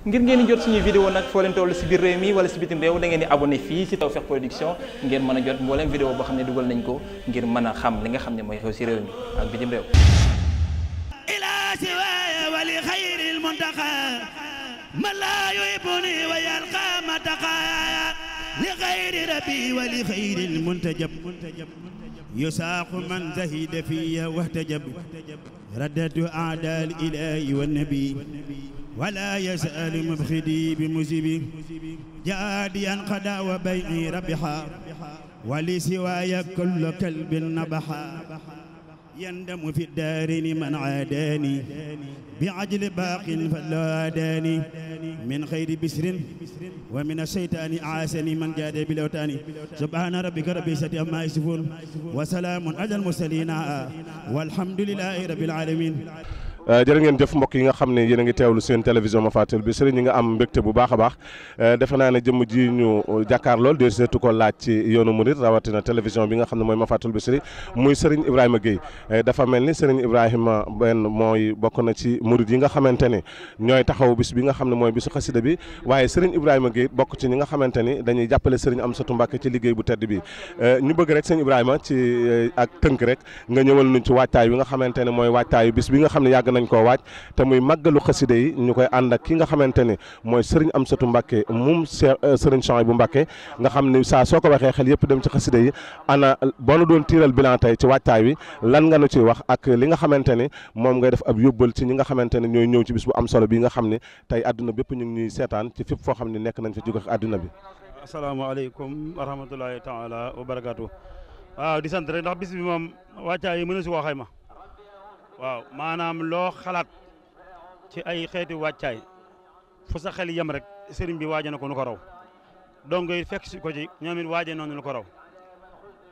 ngir ngeen jot suñuy vidéo nag foo si biir réew mi wala si bitim réew da ngeen di fii si Tawfekh Production ngeen mën a jot mbooleem vidéo boo xam ne dugal nañ ko ngir mën a xam li nga xam ne mooy xew si réew mi ak bitim réew ila siwaaya wali xayril muntaqa ma laa yuhibuni wa yalqa mataqa li xayri rabbi wa li xayril muntajab man zahida fiya wahtajab raddatu aadaal ilaahi wa nabi ولا يزال مبخدي بمزيب جاديا قدا وبيعي ربحا ولسواي كل كلب نبحا يندم في الدارين من عاداني بعجل باق فلا داني من خير بسر ومن الشيطان عاسني من جاد بلوتاني سبحان ربك رب العزة عما يصفون وسلام على المرسلين والحمد لله رب العالمين Euh, jërë ngeen jëf mbokk yi nga xam ne yéen a ngi teewlu seen télévision ma fatel bi sëriñ ñi nga am mbégte bu baax a baax euh, defe naa ne jëmm ji euh, jàkkaar lool deseetu ko laaj ci yoonu murit rawatina télévision bi nga xam ne mooy ma fatel bi ni sëriñ Ibrahima benn mooy bokk na ci bi nga xam ne mooy bisu xasida bi waaye sëriñ Ibrahima Guèye bokk ci ñi nga xamante dañuy jàppale sëriñ Amsatu Mbàkke ci liggéey bu tedd bi ñu bëgg rek sëriñ Ibrahima ci ak tënk rek nga ñëwal nuñ ci waajtaay bi nga xamante mooy waajtaayu nañ koo waaj te muy màggalu xasida yi ñu koy ànd ak ki nga xamante ne mooy sëriñ Amsatu Mbàkke moom euh, sëriñ Chouhaïbou Mbàkke nga xam ne saa soo ko waxee xel yëpp dem ci xasida yi ana boo nu doon tiiral bilan tey ci waajtaay wi lan nga nu ci wax ak li nga xamante ne moom ngay def ab yóbbal ci ñi nga xamante ne ñooy ñëw ci bis bu am solo bi nga xam ne tey àdduna bépp ñu ngi ñuy seetaan ci fépp foo xam ni nekk nañ fa jóge àdduna bi asalaamaaleykum wa rahmatulahi taala wa barakaatu waaw di sant rek ndax bis bi moom wàccaa waaw maanaam loo xalaat ci ay xeeti wàccaay fu sa xel yem rek sëriñ bi waaje na ko raw dongo yi fekk si ko ci ñoom it waaje noonu nu ko raw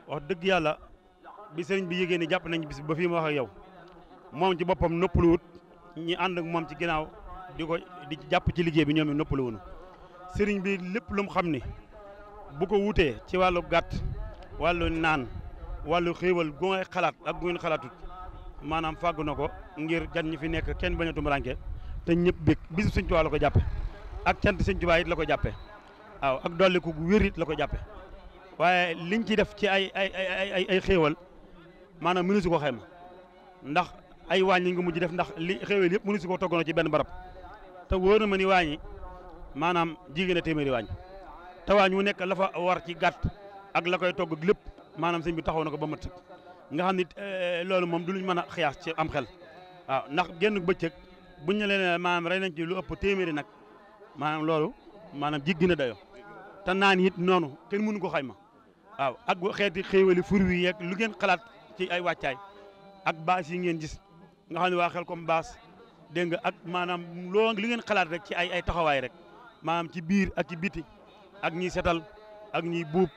wax dëgg yàlla bi sëriñ bi yégée ni jàpp nañ bis ba fii ma wax yow moom ci boppam noppaluwut ñi ànd ak moom ci ginnaaw di ko di jàpp ci liggéey bi ñoom it noppaluwunu sëriñ bi lépp lu xam ni bu ko wutee ci wàllu gàtt wàllu naan wàllu xéewal gu ngay xalaat ak gu ngeen xalaatut maanaam fàggu na ko ngir gan ñi fi nekk kenn bañ a tumuraanke te ñëpp bég bisu Sëñ Tuubaa la ko jàppe ak cant Sëñ Tuubaa la ko jàppe waaw ak dolliku gu wér it la ko jàppe waaye liñ ci def ci ay ay ay ay xéewal maanaam mënu si ko xayma ndax ay waañ yi nga mujj def ndax li xéewal yëpp mënu si ko toggono ci benn barab te wóor na ma ni waañi maanaam jigéen a téeméeri waañ te waañ wu nekk la fa war ci gàtt ak la koy togg lépp maanaam sëñ bi taxaw na ko ba mat nga xam ni euh, loolu moom du lu mën a xiyaas ci am xel waaw ndax génn bëccëg buñ ne leen maanaam rey nañ ci lu ëpp téeméeri nag maanaam loolu maanaam jiggi na dayo te naan it noonu kenn mënu ko ma waaw ak xeeti xéewali fur wi yeeg lu ngeen xalaat ci ay wàccaay ak baas yi ngeen gis nga xam ne waa xel comme baas dégg nga ak maanaam loo li ngeen xalaat rek ci ay ay taxawaay rek maanaam ci biir ak ci biti ak ñiy setal ak ñiy buub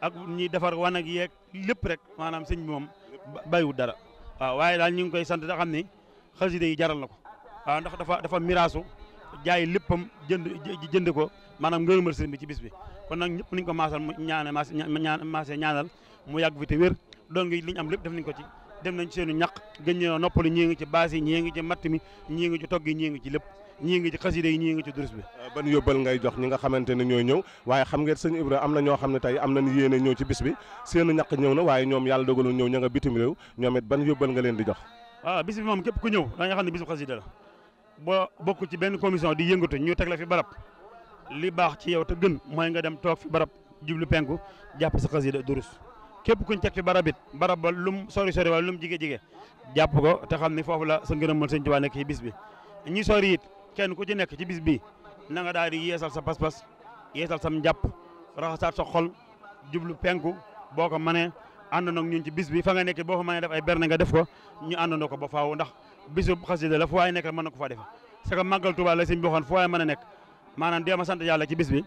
ak ñi defar wanag yeeg lépp rek maanaam sëñ bi moom bàyyiwul dara waaw waaye daal ñu ngi koy sant da xam ni xasida yi jaral na ko waaw ndax dafa dafa miraasu jaay léppam jënd jënd ko maanaam ngërëmal sëriñ bi ci bis bi kon nag ñëpp nañ ko maasal mu ñaane maase ñaanal mu yàgg fi te wér doon ngi li ñu am lépp def nañ ko ci dem nañ ci seenu ñaq gën ñoo noppalu ñii ngi ci baas yi ñii ngi ci matt mi ñii ngi ci togg yi ñii ngi ci lépp ñii ngi ci xasida yi ñii ngi ci durus bi euh, ban yóbbal ngay jox ñi nga xamante ne ñooy ñëw waaye xam ngeen sëñ Ibra am na ñoo xam ne tey am nañ yéene ñëw ci bis bi seenu ñaq ñëw na waaye ñoom yàlla dogalul ñëw ña nga bitim réew ñoom it ban yóbbal nga leen di jox waaw bis bi moom képp ku ñëw da nga xam ne bisu xasida la boo bokk ci benn commission di yëngatu ñu teg fi barab li baax ci yow te gën mooy nga dem toog fi barab jublu penku jàpp sa xasida durus képp ku teg fi barab it barab ba lum sori sori wala lum jige jige jàpp ko te xam ni foofu la sa ngërëmal sëñ Tuubaa nekk ci bis bi ñi sori it kenn ku ci nekk ci bis bi na nga daal di yeesal sa pas-pas yeesal sam njàpp raxasaat sa xol jublu penku boo ko mënee àndandoo ñun ci bis bi nekk boo fa mënee nga def ko ñu àndandoo ko ba faaw ndax bisu xasida la waaye nekk mën na ko faa defe c'est que màggal Tuubaa la nekk maanaam dee ma sant ci bis bi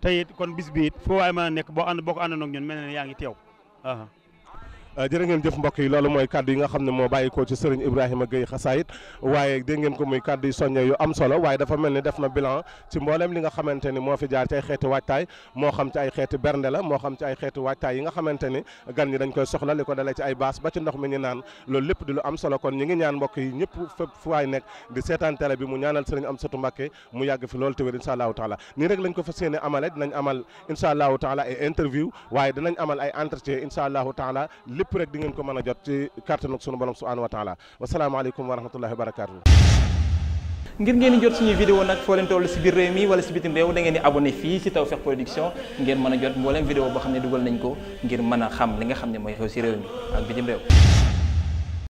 te it kon bis bi it fu waaye mën a nekk boo ànd ko àndandoo ñun mel yaa ngi teew Uh -huh. Euh, jërë ngeen jëf mbokk yi loolu mooy kàddu yi nga xam ne moo bàyyikoo ci sëriñ Ibrahima Gueye Xasaayit waaye dégg ngeen ko muy kàddu am solo waaye dafa mel ni def na bilan ci mbooleem li nga xamante ni moo fi jaar ci ay xeeti waajtaay moo xam ci ay xeeti bernde la moo xam ci ay xeeti waajtaay yi nga xamante ni gan ñi dañ koy soxla li ko dalee ci ay baas ba ci ndox mi ñu naan loolu lépp di lu am solo kon ñi ngi ñaan mbokk yi ñëpp fépp fu waay nekk di seetaan télé bi mu ñaanal sëriñ Amsatu Mbàkke mu yàgg fi loolu tawér insha allahu taala nii rek lañ ko fas yéene amale dinañ amal insha allahu taala ay interview waaye dinañ amal ay entretien insha allahu taala lépp rek di ngeen ko mën a jot ci kàttanu sunu borom subhaanahu wa taala wasalaamaaleykum wa rahmatullahi wa barakaatu. ngir ngeen di jot suñu vidéo nag foo leen toll si biir réew mi wala si bitim réew da ngeen di abonné fii si Tawfekh Production ngeen mën a jot mbooleem vidéo boo xam ne dugal nañ ko ngir mën a xam li nga xam ne mooy xew si réew mi ak bitim réew.